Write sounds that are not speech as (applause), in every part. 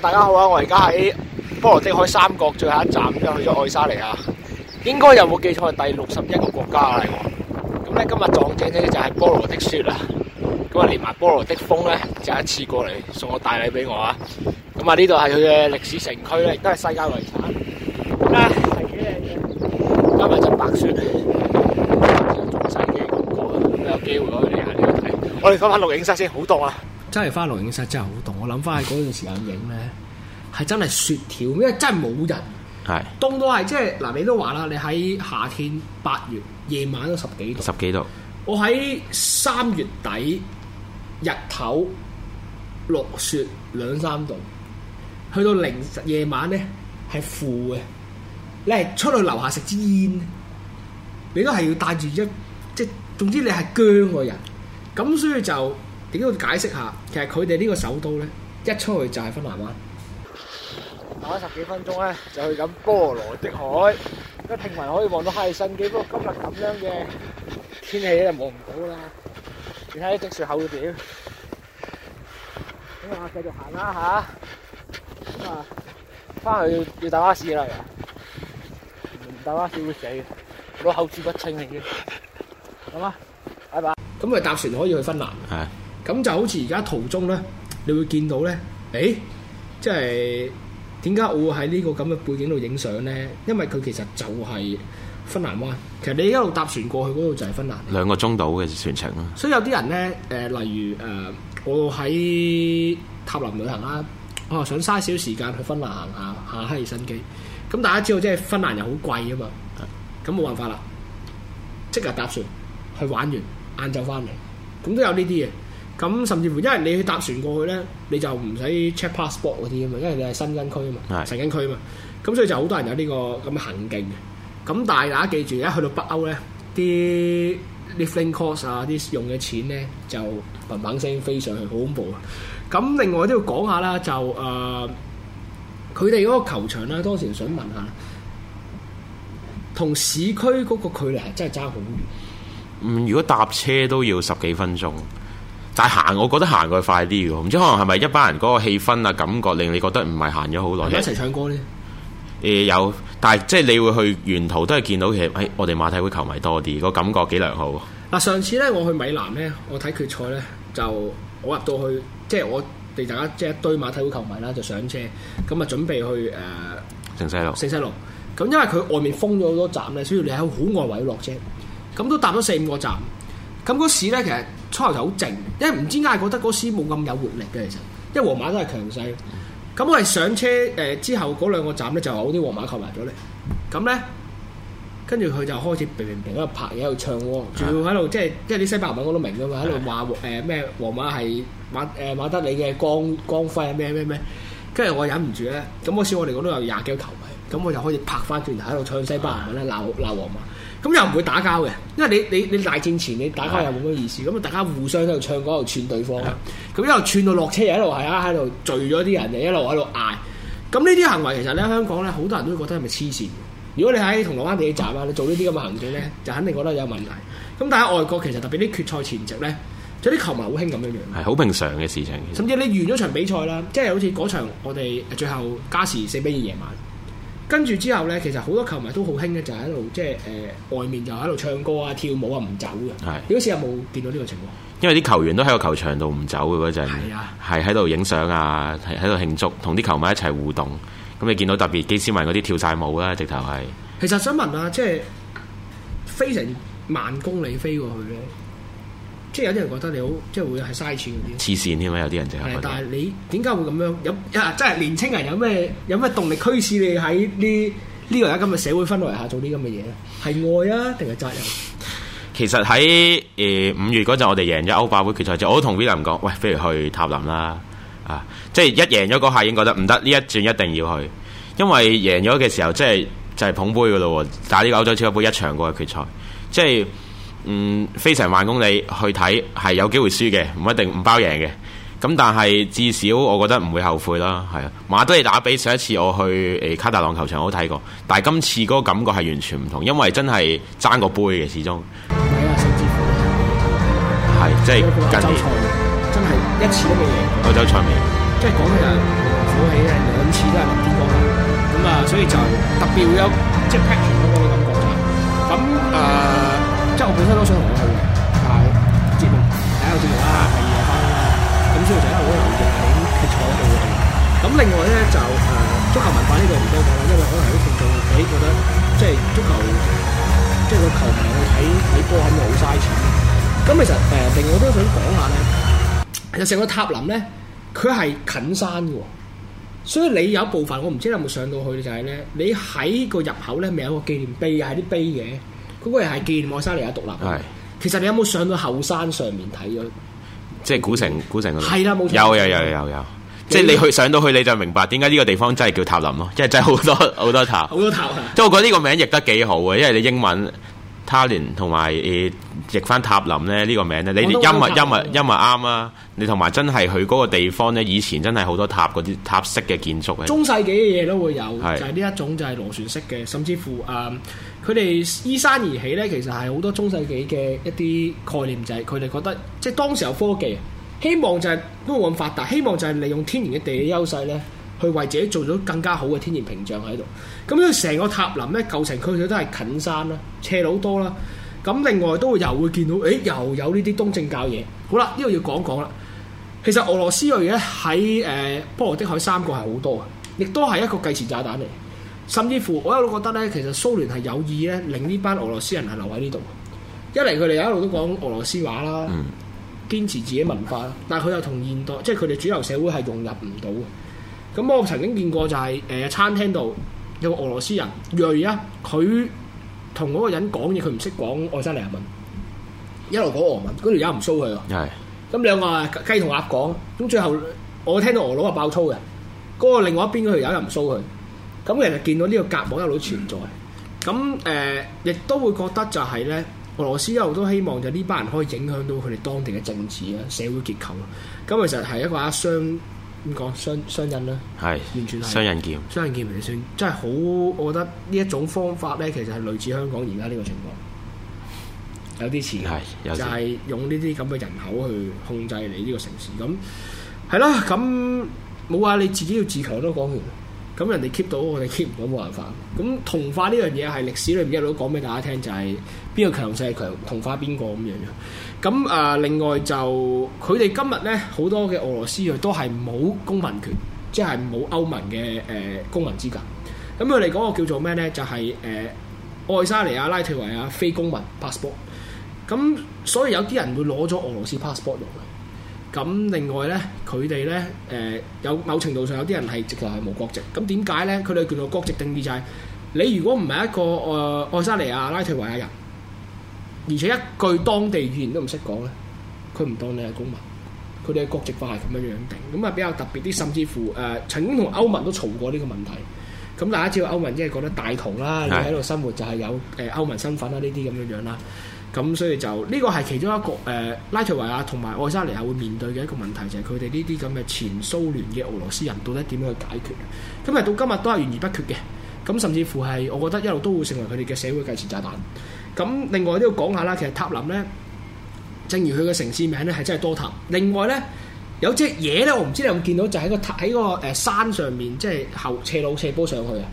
大家好啊！我而家喺波羅的海三國最後一站咁樣去咗愛沙尼亞，應該有冇記錯係第六十一個國家啊！我咁咧，今日撞正呢，就係波羅的雪啊！咁啊，連埋波羅的風咧就一次過嚟送我大禮俾我啊！咁啊，呢度係佢嘅歷史城區咧，亦都係世界遺產。啊，係幾靚嘅，加埋只白雪，中世紀嘅古國，有機會可以嚟下呢度睇。啊，我哋翻翻錄影室先，好凍啊！真係翻錄影室，真係好凍，我諗翻起嗰段時間影咧，係真係雪條，因為真係冇人，凍是到係，即係嗱，你都話啦，你喺夏天八月夜晚都十幾度，十幾度，我喺三月底日頭落雪兩三度，去到零夜晚咧係負嘅，你係出去樓下食支煙，你都係要帶住一，即係，總之你係僵個人，咁所以就。點解要解釋下？其實佢哋呢個首都咧，一出去就係芬蘭灣。打咗十幾分鐘咧，就去緊波羅的海。一聽聞可以望到赫爾辛基，不過今日咁樣嘅天氣咧，望唔到啦。你睇下啲積雪厚到點？咁啊，繼續行啦吓。咁啊，翻去要打巴士啦，噶。唔打巴士會死，我都口齒不清，係咪先？咁啊，拜拜。咁啊，搭船可以去芬蘭，係。咁就好似而家途中咧，你會見到咧，誒、欸，即係點解我會喺呢個咁嘅背景度影相咧？因為佢其實就係芬蘭灣，其實你一路搭船過去嗰度就係芬蘭。兩個鐘度嘅船程啦。所以有啲人咧，誒、呃，例如誒、呃，我喺塔林旅行啦，我、啊、想嘥少時間去芬蘭行下，赫爾辛基。咁、啊、大家知道即係芬蘭又好貴啊嘛，咁、啊、冇、啊啊、辦法啦，即日搭船去玩完，晏晝翻嚟，咁都有呢啲嘢。咁甚至乎，因為你去搭船過去咧，你就唔使 check passport 嗰啲啊嘛，因為你係申根區啊嘛，申根是區啊嘛，咁所以就好多人有呢、呢個咁嘅行徑嘅。咁但係大家記住，一去到北歐咧，啲 living cost 啊，啲用嘅錢咧就砰砰聲飛上去好恐怖啊！咁另外都要講下啦，就誒佢哋嗰個球場啦，當時想問下，同市區嗰個距離係真係爭好遠？嗯，如果搭車都要十幾分鐘。但係行，我覺得行過去快啲嘅，唔知可能係咪一班人嗰個氣氛啊、感覺令你覺得唔係行咗好耐。係咪一齊唱歌咧？誒、呃、有，但係即係你會去沿途都係見到其實誒、哎、我哋馬體會球迷多啲，個感覺幾良好。嗱，上次咧我去米蘭咧，我睇決賽咧就我入到去，即、就、係、是、我哋大家即係一堆馬體會球迷啦，就上車咁啊準備去誒城、呃、西路、城西路。咁因為佢外面封咗好多站咧，所以你喺好外圍落車，咁都搭咗四五個站。咁嗰時咧，其實初頭就好靜，因為唔知點解覺得嗰時冇咁有活力嘅，其實，因為皇馬都係強勢。咁、嗯、我係上車誒、呃、之後嗰兩個站咧，就有啲皇馬球迷咗嚟。咁咧，跟住佢就開始平平喺度拍嘢喺度唱喎，仲要喺度即係即係啲西班牙文我都明㗎嘛，喺度話誒咩皇馬係馬誒、呃、馬德里嘅光光輝咩咩咩。跟住我忍唔住咧，咁嗰時我哋度都有廿幾個球迷，咁我就開始拍翻轉頭喺度唱西班牙文啦，鬧鬧皇馬。咁又唔會打交嘅，因為你你你大戰前你打交又冇乜意思，咁啊的大家互相喺度唱歌喺度串對方啦，咁的一路串到落車，又一路係啊喺度聚咗啲人，就一路喺度嗌。咁呢啲行為其實咧，嗯、香港咧好多人都會覺得係咪黐線？如果你喺銅鑼灣地鐵站啊，嗯、你做呢啲咁嘅行徑咧，就肯定覺得有問題。咁但係外國其實特別啲決賽前夕咧，有啲球迷好興咁樣樣，係好平常嘅事情。甚至你完咗場比賽啦，即、就、係、是、好似嗰場我哋最後加時四比二夜晚。跟住之後呢，其實好多球迷都好興嘅，就喺度即係誒外面就喺度唱歌啊、跳舞啊，唔走嘅。係是，你好似有冇見到呢個情況？因為啲球員都喺個球場度唔走嘅嗰陣，係喺度影相啊，係喺度慶祝，同啲球迷一齊互動。咁你見到特別基斯文嗰啲跳晒舞啦，直頭係、啊。其實想問啊，即、就、係、是、飛成萬公里飛過去呢？即係有啲人覺得你好，即係會係嘥錢嗰啲。黐線添啊！有啲人就係。係，但係你點解會咁樣？有即係年青人有咩有咩動力驅使你喺呢呢個而家咁嘅社會氛圍下做啲咁嘅嘢？係愛啊，定係責任？其實喺誒五月嗰陣，我哋贏咗歐霸杯決賽之後，我都同 William 講：喂，不如去塔林啦！啊，即係一贏咗嗰下已經覺得唔得，呢一轉一定要去，因為贏咗嘅時候即係就係捧杯噶咯喎，打啲歐洲超級杯一場過去決賽，即係。嗯，非常萬公里去睇係有機會輸嘅，唔一定唔包贏嘅。咁但係至少我覺得唔會後悔啦，係啊。馬德里打比上一次我去誒卡達朗球場好睇過，但係今次嗰個感覺係完全唔同，因為真係爭個杯嘅，始終甚至乎。係即係近年真係一次都未贏歐洲賽面，即係講緊我起人兩次都係撚中國啦。咁啊，所以就特別會有即係 patron 嗰個感覺、就是。咁啊。因為我本身都想同我去嘅，但係接唔睇下接唔啦，第二日翻啦。咁所以就咧好有型，佢坐喺度嘅。咁另外咧就誒足球文化呢個唔多講啦，因為可能啲觀眾誒覺得即係足球，即係個球迷去睇睇波係好嘥錢。咁其實誒另外我都想講下咧，其實成個塔林咧佢係近山嘅，所以你有部分我唔知你有冇上到去嘅就係咧，你喺個入口咧咪有個紀念碑啊，係啲碑嘅。嗰個係係劍王山嚟啊！獨立，是其實你有冇上到後山上面睇咗？即係古城古城。係啦，冇有有有有有，有有有有有即係你去有上到去你就明白點解呢個地方真係叫塔林咯，因係真係好多好 (laughs) 多塔，好 (laughs) 多塔。即係 (laughs) 我覺得呢個名亦得幾好啊，因為你英文。塔林同埋誒，譯翻塔林咧呢個名咧，你哋音物音物音物啱啊！你同埋真係佢嗰個地方咧，以前真係好多塔嗰啲塔式嘅建築嘅中世紀嘅嘢都會有，就係呢一種就係螺旋式嘅，甚至乎誒，佢哋依山而起咧，其實係好多中世紀嘅一啲概念，就係佢哋覺得即係當時有科技希望就係都冇咁發達，希望就係利用天然嘅地理優勢咧。佢為自己做咗更加好嘅天然屏障喺度，咁樣成個塔林咧舊城區佢都係近山啦，斜路多啦，咁另外都會又會見到，誒又有呢啲東正教嘢。好啦，呢度要講講啦。其實俄羅斯裔嘅喺誒波羅的海三國係好多嘅，亦都係一個計時炸彈嚟。甚至乎我一路覺得咧，其實蘇聯係有意咧令呢班俄羅斯人係留喺呢度。一嚟佢哋一路都講俄羅斯話啦，嗯、堅持自己文化，但係佢又同現代即係佢哋主流社會係融入唔到。咁我曾經見過就係、是、誒、呃、餐廳度有個俄羅斯人瑞啊，佢同嗰個人講嘢，佢唔識講愛沙尼亞文。一路講俄文，跟住有人唔騷佢啊。咁是兩個啊雞同鴨講，咁最後我聽到俄佬啊爆粗嘅，嗰、那個另外一邊嗰有人唔騷佢，咁其實見到呢個隔膜一路存在，咁誒、嗯呃、亦都會覺得就係咧，俄羅斯一路都希望就呢班人可以影響到佢哋當地嘅政治啊、社會結構啊，咁、那個、其實係一個一雙。點講，雙雙刃啦，係是完全係雙刃劍，雙刃劍嚟算，真係好，我覺得呢一種方法咧，其實係類似香港而家呢個情況，有啲似係，有就係用呢啲咁嘅人口去控制你呢個城市，咁係啦，咁冇話你自己要自強都講完。咁人哋 keep 到，我哋 keep 唔到，冇辦法。咁同化呢樣嘢係歷史裏面一路講俾大家聽，就係、是、邊個強勢強同化邊個咁樣樣。咁啊，另外就佢哋今日咧，好多嘅俄羅斯佢都係冇公民權，即係冇歐盟嘅誒、呃、公民資格。咁佢哋講，個叫做咩咧？就係、是、誒、呃、愛沙尼亞、拉脱維亞非公民 passport。咁 Pass、嗯、所以有啲人會攞咗俄羅斯 passport 用。咁另外呢，佢哋呢，誒、呃、有某程度上有啲人係直頭係冇國籍。咁點解呢？佢哋叫做國籍定義就係、是、你如果唔係一個誒、呃、愛沙尼亞、拉脱維亞人，而且一句當地語言都唔識講咧，佢唔當你係公民。佢哋嘅國籍法係咁樣樣定。咁啊比較特別啲，甚至乎誒、呃、曾經同歐盟都嘈過呢個問題。咁大家知道歐盟即係覺得大同啦，的你喺度生活就係有誒歐盟身份啦，呢啲咁樣樣啦。咁所以就呢個係其中一個誒、呃、拉脫維亞同埋愛沙尼亞會面對嘅一個問題，就係佢哋呢啲咁嘅前蘇聯嘅俄羅斯人，到底點樣去解決？今日到今日都係懸而不決嘅。咁甚至乎係我覺得一路都會成為佢哋嘅社會計時炸彈。咁另外都要講下啦，其實塔林咧，正如佢嘅城市名咧係真係多塔。另外咧。有隻嘢咧，我唔知你有冇見到，就喺個塔喺個誒山上面，即係後斜路斜坡上去啊！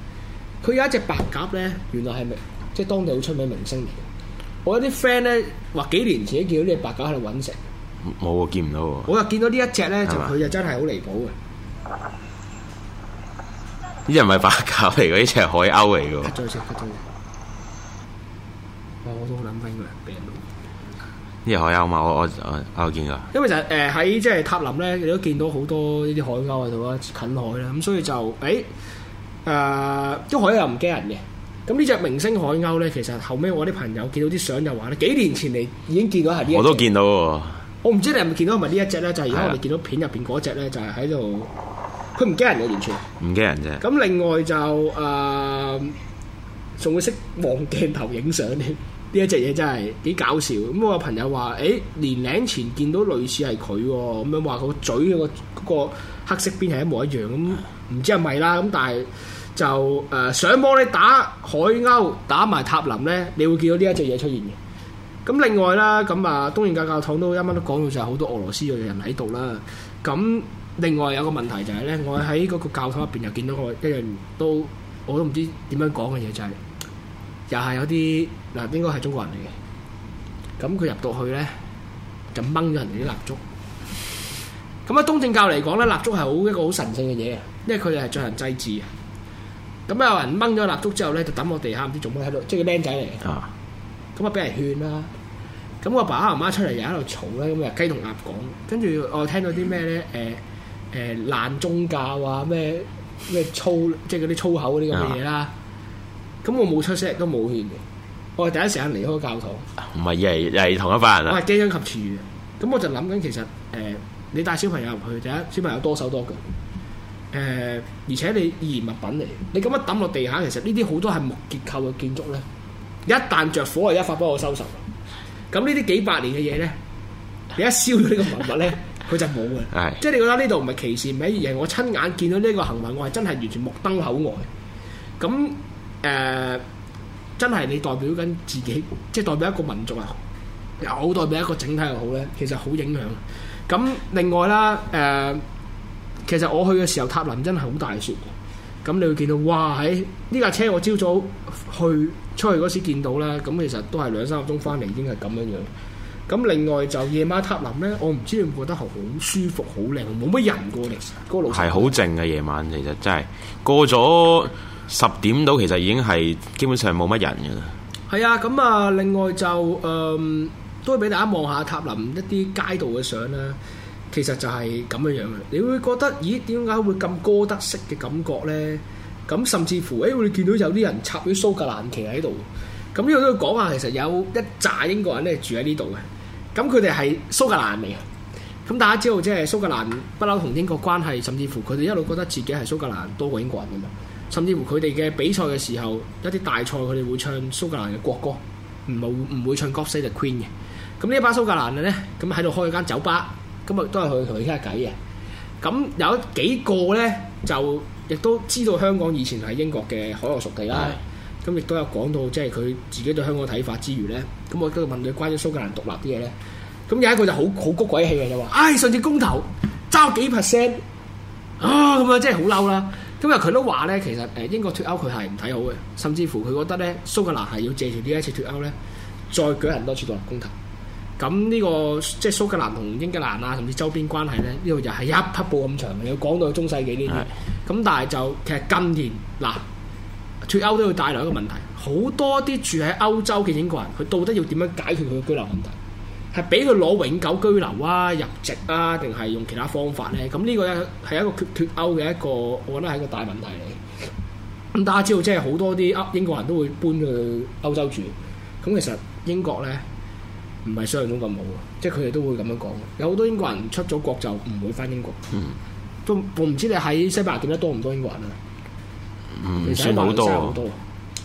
佢有一隻白鴿咧，原來係咪？即係當地好出名明星嚟嘅。我有啲 friend 咧話幾年前都見到呢隻白鴿喺度揾食，冇見唔到喎。我又見到呢一隻咧，就佢就真係好離譜嘅。呢隻唔係白鴿嚟嘅，呢隻係海鷗嚟我好人。呢隻海鷗嘛，我我我見過。因為就係誒喺即係塔林咧，你都見到好多呢啲海鷗喺度啊，近海啦，咁所以就誒，誒、欸，啲、呃、海鷗又唔驚人嘅。咁呢隻明星海鷗咧，其實後尾我啲朋友見到啲相就話咧，幾年前嚟已經見到係呢一隻。我都見到。我唔知你係咪見到係咪呢一隻咧？就而、是、家我哋見到片入邊嗰隻咧，就係喺度，佢唔驚人嘅，完全。唔驚人啫。咁另外就誒，仲、呃、會識望鏡頭影相添。呢一隻嘢真係幾搞笑，咁我個朋友話，誒、欸、年零前見到類似係佢、哦，咁樣話個嘴個嗰、那個黑色邊係一模一樣，咁、嗯、唔知係咪啦？咁、嗯、但係就誒上網咧打海鷗，打埋塔林呢，你會見到呢一隻嘢出現嘅。咁、嗯、另外啦，咁、嗯、啊東園正教教堂都啱啱都講到就係好多俄羅斯嘅人喺度啦。咁、嗯、另外有個問題就係、是、呢，我喺嗰個教堂入邊又見到一個一樣都我都唔知點樣講嘅嘢就係、是。又係有啲嗱，應該係中國人嚟嘅。咁佢入到去咧，就掹咗人哋啲蠟燭。咁啊，東正教嚟講咧，蠟燭係好一個好神聖嘅嘢，因為佢哋係進行祭祀啊。咁有人掹咗蠟燭之後咧，就抌落地下，唔知做乜喺度，即係個僆仔嚟嘅。啊！咁啊，俾人勸啦。咁我爸爸媽媽出嚟又喺度嘈啦，咁啊雞同鴨講。跟住我聽到啲咩咧？誒、呃、誒、呃，爛宗教啊咩咩粗，即係嗰啲粗口嗰啲咁嘅嘢啦。啊咁我冇出息，都冇勸嘅。我係第一時間離開教堂。唔係，又係又係同一班人啊！我係驚音及詞語嘅。咁我就諗緊，其實誒，你帶小朋友入去第一，小朋友多手多腳。誒，而且你易燃物品嚟，你咁一抌落地下，其實呢啲好多係木結構嘅建築咧。一旦着火，係一發不可收拾。咁呢啲幾百年嘅嘢咧，你一燒咗呢個文物咧，佢就冇嘅。係。即係你覺得呢度唔係歧視，唔係嘢，係我親眼見到呢個行為，我係真係完全目瞪口呆。咁。誒、呃，真係你代表緊自己，即係代表一個民族啊，又好代表一個整體又好呢，其實好影響。咁另外啦，誒、呃，其實我去嘅時候塔林真係好大雪，咁你會見到哇，喺呢架車我朝早去出去嗰時見到啦，咁其實都係兩三個鐘翻嚟已經係咁樣樣。咁另外就夜晚塔林呢，我唔知你會覺得好舒服、好靚，冇乜人過，嚟、嗰個其實係好靜嘅夜晚，其實真係過咗。十點到，其實已經係基本上冇乜人嘅啦。係啊，咁啊，另外就誒、嗯，都俾大家望下塔林一啲街道嘅相啦。其實就係咁樣樣嘅，你會覺得咦，點解會咁歌德式嘅感覺呢？咁、嗯、甚至乎，誒、欸，會見到有啲人插咗蘇格蘭旗喺度。咁呢度都要講下，其實有一扎英國人咧住喺呢度嘅。咁佢哋係蘇格蘭嚟啊。咁、嗯、大家知道，即係蘇格蘭不嬲同英國關係，甚至乎佢哋一路覺得自己係蘇格蘭多過英國人噶嘛。甚至乎佢哋嘅比賽嘅時候，一啲大賽佢哋會唱蘇格蘭嘅國歌，唔係唔會唱 God Save the Queen 嘅。咁呢一班蘇格蘭嘅咧，咁喺度開間酒吧，咁啊都係去同佢傾下偈嘅。咁有幾個咧，就亦都知道香港以前係英國嘅海外屬地啦。咁亦都有講到即係佢自己對香港嘅睇法之餘咧，咁我都問佢關於蘇格蘭獨立啲嘢咧。咁有一個就好好谷鬼氣嘅就話：唉，上次公投爭幾 percent 啊，咁啊真係好嬲啦！今日佢都話咧，其實誒英國脱歐佢係唔睇好嘅，甚至乎佢覺得咧蘇格蘭係要借住呢一次脱歐咧，再舉行多次獨立公投。咁呢、呢個即係蘇格蘭同英格蘭啊，甚至周邊關係咧，呢度就係一匹布咁長嘅，要講到中世紀呢啲。咁是、嗯、但係就其實近年嗱，脱歐都會帶來一個問題，好多啲住喺歐洲嘅英國人，佢到底要點樣解決佢嘅居留問題？係俾佢攞永久居留啊、入籍啊，定係用其他方法咧？咁呢個係一個脱脱歐嘅一個，我覺得係一個大問題嚟。咁大家知道，即係好多啲英國人都會搬去歐洲住。咁其實英國咧唔係想象中咁好嘅，即係佢哋都會咁樣講。有好多英國人出咗國就唔會返英國。嗯、都我唔知你喺西班牙見得多唔多英國人啊？唔算好多。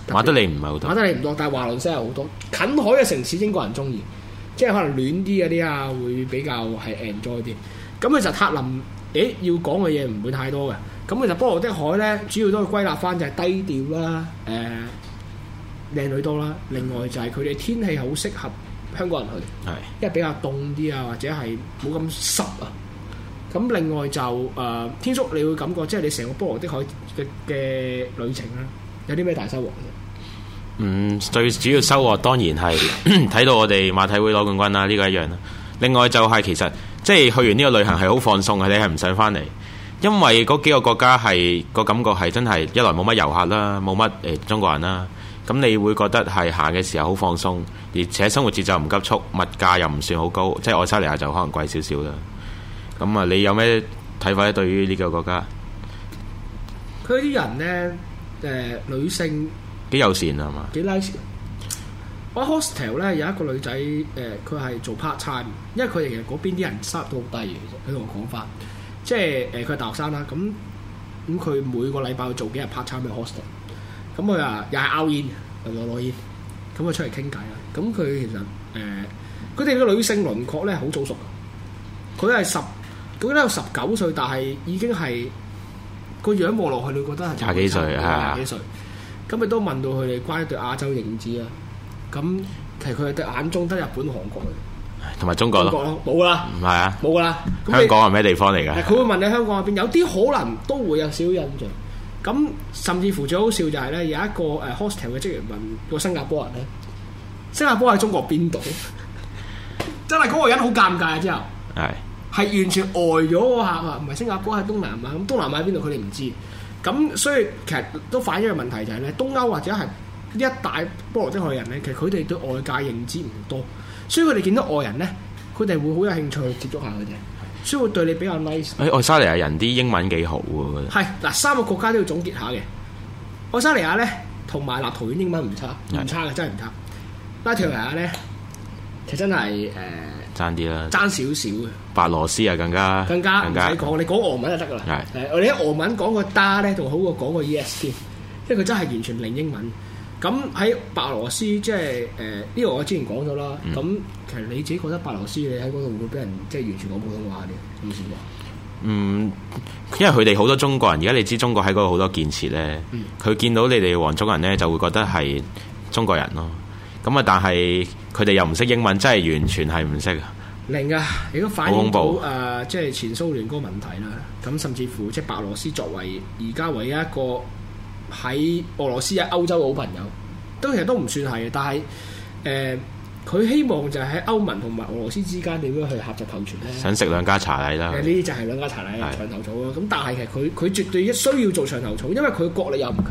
馬德里唔係好多，馬德里唔多，多，但係華倫西亞好多近海嘅城市，英國人中意。即係可能暖啲嗰啲啊，會比較係 enjoy 啲。咁、嗯、其實塔林，誒要講嘅嘢唔會太多嘅。咁、嗯、其實波羅的海咧，主要都歸納翻就係低調啦、啊，誒、呃、靚女多啦。另外就係佢哋天氣好適合香港人去，係的因為比較凍啲啊，或者係冇咁濕啊。咁、嗯、另外就誒、呃、天叔，你會感覺即係你成個波羅的海嘅嘅旅程啦，有啲咩大收穫？嗯，最主要收穫當然係睇 (coughs) 到我哋馬體會攞冠軍啦，呢、這個一樣啦。另外就係、是、其實即係去完呢個旅行係好放鬆嘅，你係唔想返嚟，因為嗰幾個國家係個感覺係真係一來冇乜遊客啦，冇乜誒中國人啦，咁你會覺得係行嘅時候好放鬆，而且生活節奏唔急促，物價又唔算好高，即係愛沙尼亞就可能貴少少啦。咁啊，你有咩睇法咧？對於呢幾個國家，佢啲人呢，誒、呃、女性。幾友善啊嘛，幾 nice。我 hostel 咧有一個女仔，誒、呃，佢係做 part time，因為佢哋嗰邊啲人 salary 好低。佢同我講翻，即係誒，佢、呃、係大學生啦，咁咁佢每個禮拜做幾日 part time 嘅 hostel，咁、嗯、佢啊又係 out i 又攞攞煙，咁佢、嗯、出嚟傾偈啦。咁、嗯、佢其實誒，佢哋個女性輪廓咧好早熟，佢係十，佢都有十九歲，但係已經係個樣望落去，你覺得係廿幾歲啊幾歲，廿幾歲。咁你都問到佢哋關於對亞洲認知啊？咁其實佢哋眼中得日本、韓國，同埋中國咯。冇啦，唔係啊，冇啦。香港係咩地方嚟㗎？佢會問你香港喺邊？有啲可能都會有少少印象。咁甚至乎最好笑就係咧，有一個誒、呃、hostel 嘅職員問個新加坡人咧：新加坡喺中國邊度？ (laughs) 真係嗰個人好尷尬啊！之後係係的完全呆咗嗰下啊，唔係新加坡喺東南亞，咁東南亞喺邊度？佢哋唔知。咁所以其實都反映一個問題就係咧，東歐或者係呢一帶波羅的海人咧，其實佢哋對外界認知唔多，所以佢哋見到外人咧，佢哋會好有興趣去接觸下佢哋。所以會對你比較 nice。誒、哎，愛沙尼亞人啲英文幾好喎？係嗱，三個國家都要總結下嘅。愛沙尼亞咧，同埋立陶宛英文唔差唔差嘅，真係唔差。是拉脫維亞咧，其實真係誒。呃爭啲啦，爭少少嘅。白羅斯啊，更加更加唔使講，你講俄文就得噶啦。係，我哋喺俄文講個 da 咧，仲好過講個 yes 添，因為佢真係完全零英文。咁喺白羅斯，即係誒呢個我之前講咗啦。咁、嗯、其實你自己覺得白羅斯，你喺嗰度會唔會俾人即係、就是、完全講普通話嘅？有冇試過？嗯，因為佢哋好多中國人，而家你知中國喺嗰度好多建設咧，佢、嗯、見到你哋黃種人咧，就會覺得係中國人咯。咁啊！但係佢哋又唔識英文，真係完全係唔識啊！零啊！如果反映到誒、呃，即係前蘇聯嗰個問題啦。咁甚至乎，即係白俄斯作為而家唯一一個喺俄羅斯喺歐洲嘅好朋友，都其實都唔算係。但係誒，佢、呃、希望就喺歐盟同埋俄羅斯之間點樣去合作共存咧？想食兩家茶禮啦！呢啲就係兩家茶禮長頭草啦。咁是的 但係其實佢佢絕對需要做長頭草，因為佢國力又唔強。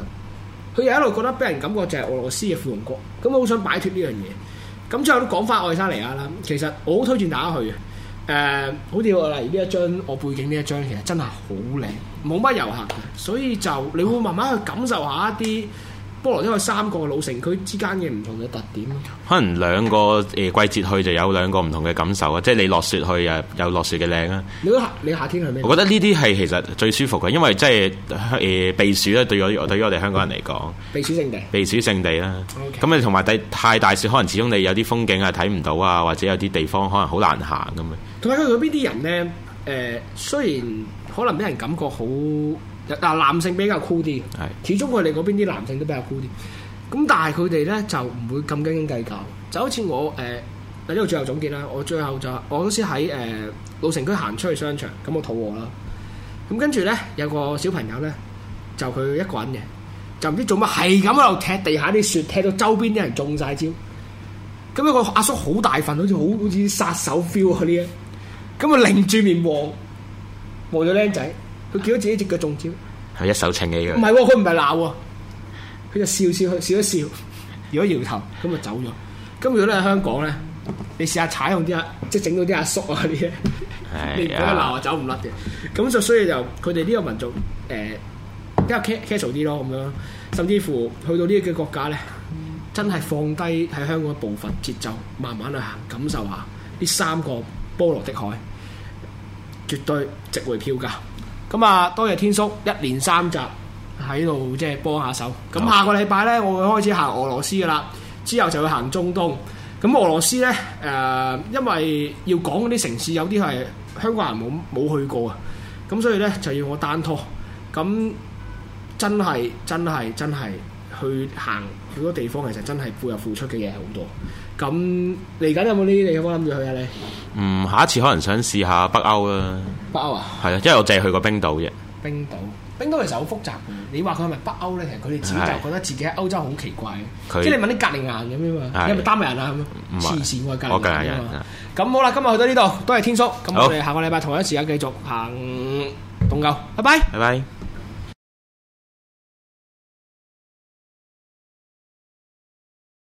佢又一路覺得俾人感覺就係俄羅斯嘅附庸國，咁佢好想擺脱呢樣嘢。咁最後都講翻愛沙尼亞啦，其實我好推薦大家去嘅。誒、呃，好似我例如呢一張我背景呢一張，其實真係好靚，冇乜遊客，所以就你會慢慢去感受一下一啲。波羅因為三個老城區之間嘅唔同嘅特點，可能兩個誒、呃、季節去就有兩個唔同嘅感受啊！即係你落雪去啊，有落雪嘅靚啊！你夏你夏天去咩？我覺得呢啲係其實最舒服嘅，因為即係誒避暑咧，對我對於我哋香港人嚟講，避暑勝地，避暑勝地啦。咁你同埋第太大雪，可能始終你有啲風景啊睇唔到啊，或者有啲地方可能好難行咁啊。同埋佢嗰邊啲人咧，誒、呃、雖然可能俾人感覺好。嗱，男性比較酷啲，是的 始終佢哋嗰邊啲男性都比較酷啲。咁但係佢哋咧就唔會咁斤斤計較。就好似我誒，嗱呢度最後總結啦，我最後就話我嗰時喺誒老城區行出去商場，咁我肚餓啦。咁跟住咧有個小朋友咧，就佢一個人嘅，就唔知做乜係咁喺度踢地下啲雪，踢到周邊啲人中晒招。咁有個阿叔好大份，好似好好似殺手 feel 嗰啲啊！咁啊，擰住面望望咗僆仔。佢見到自己隻腳中招，係一手稱起嘅。唔係喎，佢唔係鬧喎，佢就笑笑笑，笑一笑，搖一搖頭咁就走咗。咁如果喺香港咧，你試下踩下啲阿即係整到啲阿叔啊啲，哎、呀 (laughs) 你唔俾鬧啊走唔甩嘅。咁就所以就佢哋呢個民族誒、呃、比較 casual ca 啲咯，咁樣甚至乎去到呢個國家咧，真係放低喺香港嘅步伐節奏，慢慢去行，感受下呢三個波羅的海，絕對值回票價。咁啊，多謝天叔一連三集喺度即係幫下手。咁下個禮拜呢，我會開始行俄羅斯㗎喇，之後就會行中東。咁俄羅斯呢，誒、呃，因為要講嗰啲城市，有啲係香港人冇冇去過啊。咁所以呢，就要我單拖。咁真係真係真係去行好多地方，其實真係付，付出付出嘅嘢好多。咁嚟緊有冇呢啲地方諗住去啊？你嗯，下一次可能想試下北歐啦。北歐啊？係啊，因為我淨係去過冰島啫。冰島，冰島其實好複雜。你話佢係咪北歐咧？其實佢哋自己就覺得自己喺歐洲好奇怪。即係你問啲格陵蘭咁樣嘛，你係咪丹麥人啊？黐線，我格陵蘭人。咁好啦，今日去到呢度多謝天叔。咁我哋下個禮拜同一時間繼續行東歐。拜拜。拜拜。